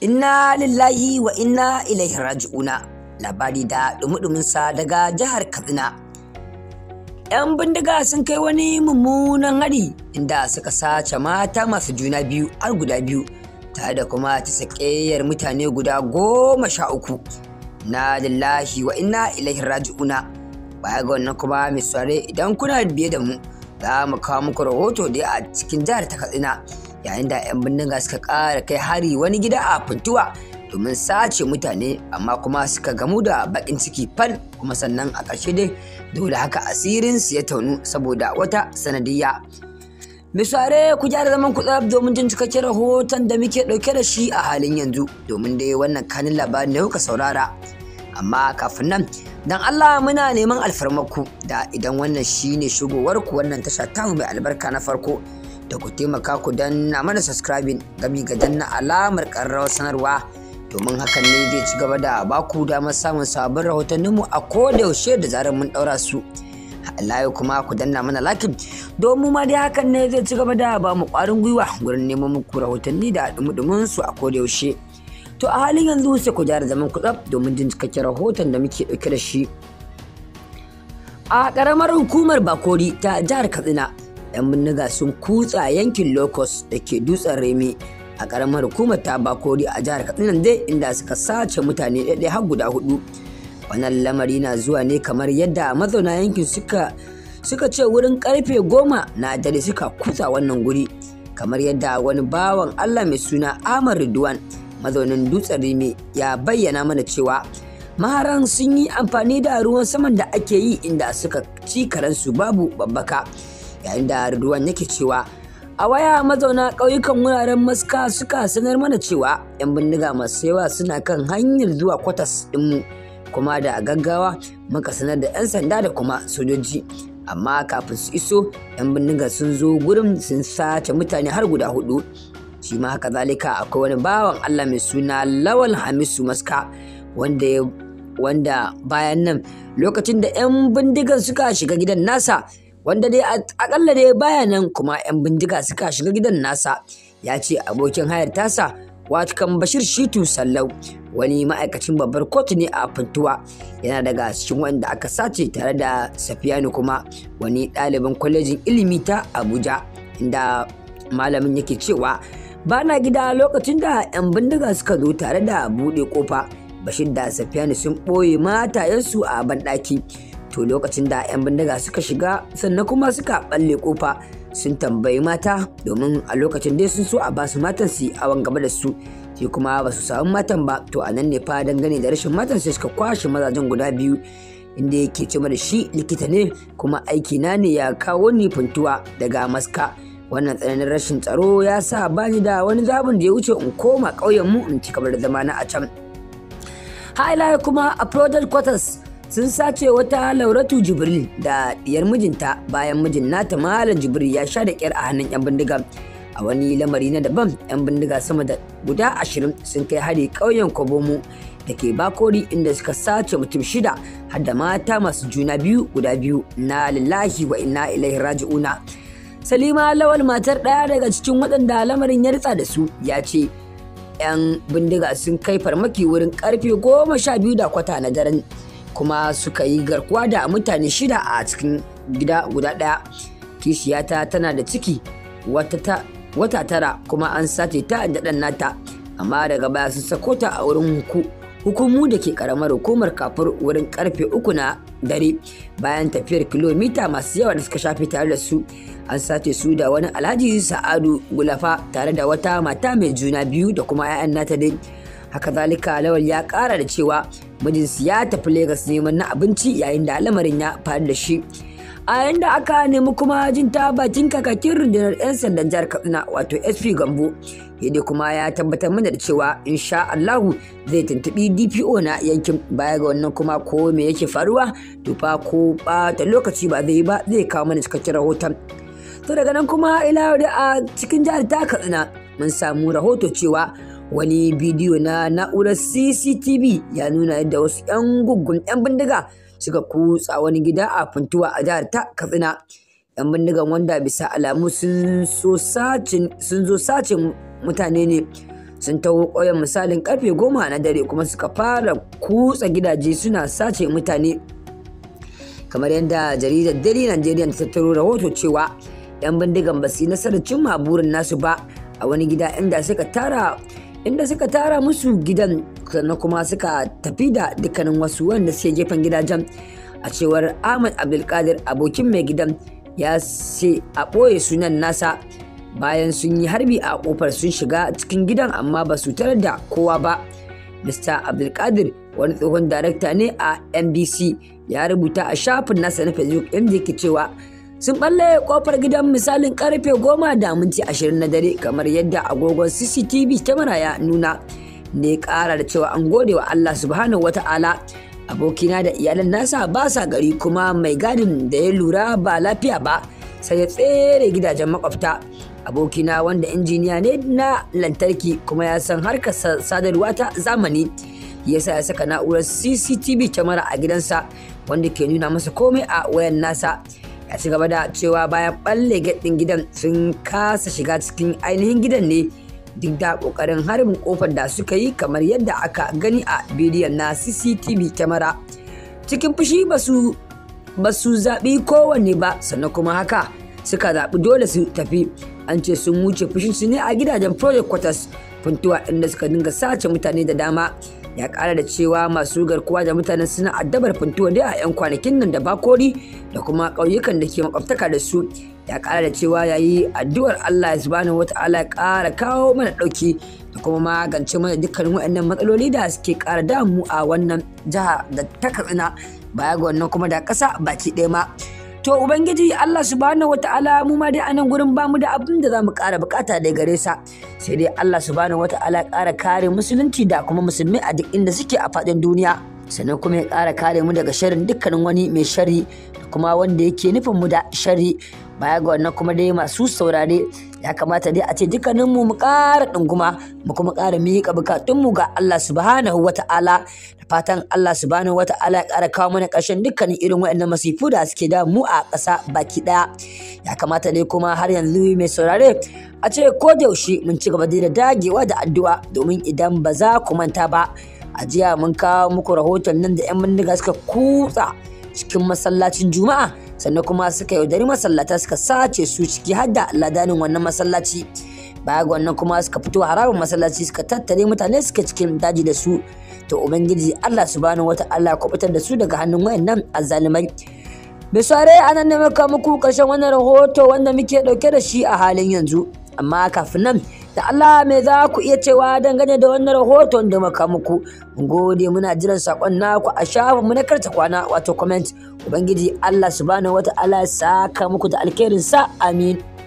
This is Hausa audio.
inna lillahi wa inna ilaihi raji'una labari da dumudumunsa daga jihar katsina yan bindiga sun kai wani mummunan hari inda suka sace mata masu juna biyu har guda biyu tare da kuma ta sakeyar mutane guda goma sha uku na lillahi wa inna ilaihi raji'una baya ga wannan kuma mai idan kuna biye da mu za mu kawo muku rahoto da a cikin jihar ta katsina yayin da 'yan bindiga suka ƙara kai hari wani gida a funtuwa domin sace mutane amma kuma suka gamu da baƙin ciki fal kuma sannan a ƙarshe dai dole haka asirin su ya taunu saboda wata sanadiyya misware ku gyara zaman ku tsab domin jin cikakken rahoton da muke ɗauke da shi a halin yanzu domin dai wannan kanin labarin da kuka saurara amma kafin nan dan Allah muna neman alfarmarku da idan wannan shine shigowar ku wannan tasha ta mai albarka na farko da ku taimaka ku danna mana subscribing gami ga danna alamar ƙararrawar sanarwa domin hakan ne zai ci gaba da ba baku damar samun sabbin rahotanninmu a yaushe da zarar mun ɗaura su. layo kuma ku danna mana lakin domin ma dai hakan ne zai ci gaba da ba mu kwarin gwiwa gurin neman muku rahotanni da dumudumin su a koda yaushe to a halin yanzu sai ku jara zaman ku tsaf domin jin cikakken rahoton da muke dauke da shi a karamar hukumar bakori ta jihar katsina 'yan bindiga sun kutsa yankin locust da ke dutsen remi a karamar hukumar ta bakori a jihar katsina dai inda suka sace mutane ɗaiɗai har guda hudu wannan lamari na zuwa ne kamar yadda mazauna yankin suka ce wurin karfe goma na dare suka kutsa wannan guri kamar yadda wani bawan allah mai suna amar ridwan mazaunin dutsen rimi ya bayyana mana cewa maharan sun yi amfani da ruwan saman da ake yi inda suka ci karensu babu babbaka yayin da ruwan yake cewa a waya mazauna ƙauyukan wuraren maska suka sanar mana cewa 'yan bindiga masu yawa suna kan hanyar zuwa kwatas ɗinmu kuma da gaggawa muka sanar da 'yan sanda da kuma sojoji amma kafin su iso 'yan bindiga sun zo gurin sun sace mutane har guda hudu shi ma haka zalika akwai wani bawan allah mai suna lawal hamisu maska wanda bayan nan lokacin da 'yan bindigan suka shiga gidan nasa wanda dai akalla dai baya nan kuma 'yan bindiga suka shiga gidan nasa ya ce abokin hayar tasa watakan bashir shitu sallau wani ma'aikacin babbar kotu ne a funtuwa yana daga cikin wanda aka sace tare da safiyanu kuma wani ɗaliban kwalejin ilimi ta abuja inda malamin yake cewa ba na gida lokacin da 'yan bindiga suka zo tare da buɗe kofa bashir da safiyanu sun ɓoye matayensu a banɗaki to lokacin da 'yan bindiga suka shiga sannan kuma suka balle kofa sun tambayi mata domin a lokacin dai sun so a ba su matan su a gaba da su sai kuma ba su samu matan ba to a nan ne fa dangane da rashin matan sai suka kwashe mazajen guda biyu inda yake ce da shi likita ne kuma aiki na ne ya kawo ni fintuwa daga maska wannan tsananin rashin tsaro ya sa bani da wani zabin da ya wuce in koma ƙauyen mu in ci gaba da zamana a can. Haila kuma a Project Quarters sun sace wata lauratu jibril da diyar mijinta bayan mijin nata malam jibril ya sha da kyar a hannun yan bindiga a wani lamari na daban yan bindiga sama da guda ashirin sun kai hari ƙauyen kobomo da ke bakori inda suka sace mutum shida har da mata masu juna biyu guda biyu na lillahi wa inna ilaihi raji'una salima lawal matar ɗaya daga cikin waɗanda lamarin ya ritsa da su ya ce 'yan bindiga sun kai farmaki wurin karfe goma sha biyu da kwata na daren kuma suka yi garkuwa da mutane shida a cikin gida guda ɗaya kishiyata tana da ciki wata tara kuma an sace ta da ɗan nata amma daga baya sun sako ta a wurin hukumu da ke karamar hukumar kafur wurin karfe uku na dare bayan tafiyar kilomita masu yawa da suka shafe tare da su an sace su da wani alhaji sa'adu gulafa tare da wata mata mai juna biyu da kuma 'ya'yan nata dai haka zalika lawal ya kara da cewa majinsi ya tafi Legas neman na abinci yayin da lamarin ya faru da shi. A yayin da aka nemi kuma jin ta bakin kakakin rundunar 'yan sandan jihar Katsina wato SP Gambo, yadda kuma ya tabbatar mana da cewa insha Allahu zai tuntuɓi DPO na yankin baya ga wannan kuma ko me yake faruwa tufa ko ɓata lokaci ba zai yi ba zai kawo mana cikakken rahoton. To daga nan kuma ila a cikin jihar ta Katsina mun samu rahoto cewa wani bidiyo na na'urar cctv ya nuna yadda wasu 'yan guggun 'yan bindiga suka kutsa wani gida a funtuwa a jihar ta katsina 'yan bindigan wanda bisa alamu sun zo sacin mutane ne sun taho ƙauyen misalin karfe goma na dare kuma suka fara kutsa gidaje suna sace mutane kamar yadda jaridar daily Najeriya ta tattaro rahoto cewa 'yan bindigan ba su yi nasarar cimma burin nasu ba a wani gida inda suka tara inda suka tara musu gidan sannan kuma suka tafi da dukkanin wasu wanda suke gefen gidajen a cewar ahmad abdulkadir abokin mai gidan ya ce a ɓoye sunan nasa bayan sun yi harbi a kofar sun shiga cikin gidan amma ba su tarar da kowa ba mr abdulkadir wani tsohon darakta ne a nbc ya rubuta a shafin nasa na facebook inda yake cewa sun balle kofar gidan misalin karfe goma da minti ashirin na dare kamar yadda agogon cctv kyamara ya nuna ne kara da cewa an gode wa allah subhanahu ta'ala abokina da iyalan nasa ba sa gari kuma mai gadin da ya lura ba lafiya ba sai ya tsere gidajen makwabta abokina wanda injiniya ne na lantarki kuma ya san harkar sadarwa ta zamani yasa ya saka na'urar cctv kyamara a gidansa wanda ke nuna masa komai a wayan nasa ya ci gaba da cewa bayan balle gaɗin gidan sun kasa shiga cikin ainihin gidan ne duk da kokarin harbin kofar da suka yi kamar yadda aka gani a bidiyon na cctv kyamara cikin fushi ba su zaɓi kowanne ba sannan kuma haka suka zaɓi dole su tafi an ce sun wuce fushin su ne a gidajen project quarters funtuwa inda suka dinga sace mutane da dama ya kara da cewa masu garkuwa da mutane suna addabar fintuwa dai a 'yan kwanakin nan da bakori da kuma ƙauyukan da ke makwabtaka da su ya kara da cewa ya yi addu'ar Allah subhanahu wata'ala ya kara kawo mana ɗauki da kuma magance mana dukkanin waɗannan matsaloli da suke kara damu a wannan jiha da ta katsina baya ga wannan kuma da ƙasa baki ɗaya ma. to ubangiji Allah subhanahu wataala mu ma dai anan gurin bamu da abin da zamu ƙara bukata da gare sa sai dai Allah subhanahu wata'ala ƙara kare musulunci da kuma musulmi a duk inda suke a faɗin duniya sannan kuma ya ƙara kare mu daga sharrin dukkanin wani mai shari da kuma wanda yake nufin mu da shari baya ga wannan kuma dai masu saurare ya kamata dai a ce dukkanin mu mu ƙara ɗunguma mu kuma ƙara miƙa bukatun mu ga Allah subhanahu wata'ala da fatan Allah subhanahu wata'ala ya ƙara kawo mana ƙarshen dukkanin irin waɗannan masifu da suke da mu a ƙasa baki ɗaya ya kamata dai kuma har yanzu mai saurare a ce ko da yaushe mun ci gaba da dagewa da addu'a domin idan ba za ku manta ba a jiya mun kawo muku rahoton nan da 'yan bindiga suka kutsa cikin masallacin juma'a sannan kuma suka yaudari masallata suka sace su ciki har da ladanin wannan masallaci baya ga wannan kuma suka fito harabin masallaci suka tattare mutane suka cikin daji da su to ubangiji Allah subhanahu wata ku fitar da su daga hannun wayannan azzalumai bisare anan ne muka muku karshen wannan rahoto wanda muke dauke da shi a halin yanzu amma kafin nan da Allah me za ku iya cewa dangane da wannan rahoton da muka muku mun gode muna jiran sakon naku a shafin mu na karta kwana wato comment ubangiji Allah subhanahu wataala ya saka muku da alkhairin sa amin